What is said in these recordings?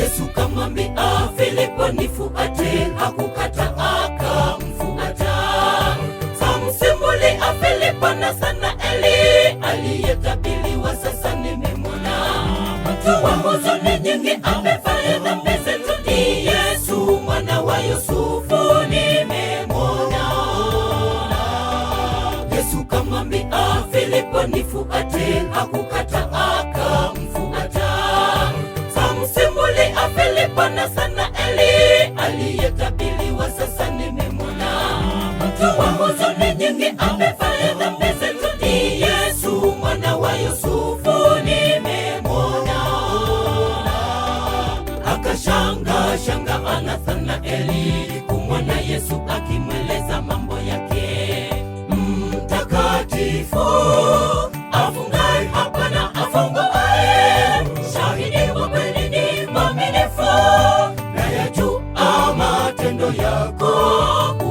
Yesu kamwambia ah, Filipo, nifuate, hakukata akamfuata. Kamsimulia ah, Filipo na Nathanaeli aliyetabiliwa sasa nimemwona, mtu wa huzuni nyingi, amefanya dhambi zetu, ni Yesu mwana wa Yusufu nimemwona. Yesu kamwambia ah, Filipo, nifuate, hakukata msingi amefanya dhambi zetu. Ni Yesu mwana wa Yusufu, nimemwona akashanga shanga. Anathanaeli kumwona Yesu akimweleza mambo yake. Mtakatifu afungai hapana afunguaye, shahidi wa kweli ni mwaminifu, nayajua yako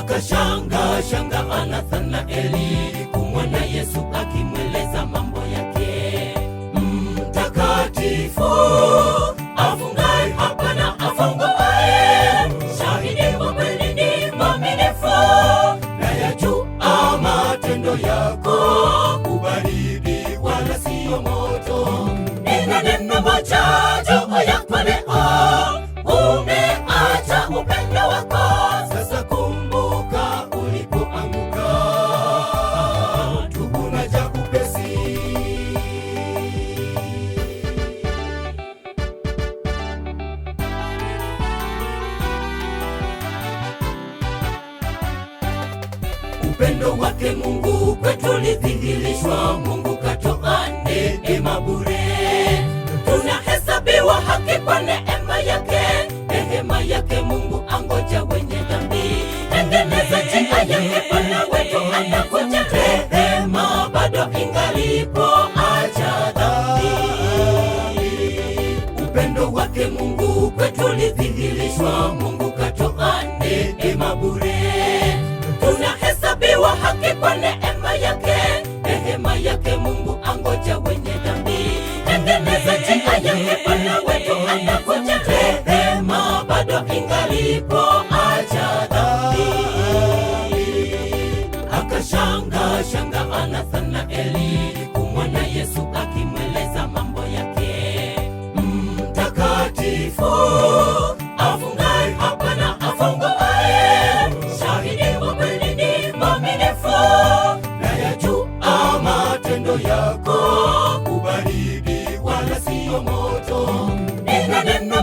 akashanga shanga Nathanaeli kumwona Yesu akimweleza mambo yake. Mtakatifu afungaye hapa na afunguaye, shahidi wa kweli ni mwaminifu, nayajua matendo yako, ubaridi wala sio moto, nina neno yako upendo wake Mungu kwetu lidhihirishwa. Mungu katoa neema bure, tunahesabiwa haki kwa neema yake. Neema yake Mungu angoja wenye dhambi, endeleza njia yake, Bwana wetu anakuja. Neema bado ingalipo, acha dhambi. Upendo wake Mungu kwetu lidhihirishwa. Mungu katoa neema bure sana Eli kumwona Yesu akimweleza mambo yake. Mtakatifu afungaye hapana afunguaye, shahidi wa kweli ni mwaminifu, nayajua matendo yako, ubaridi wala sio moto. Nena neno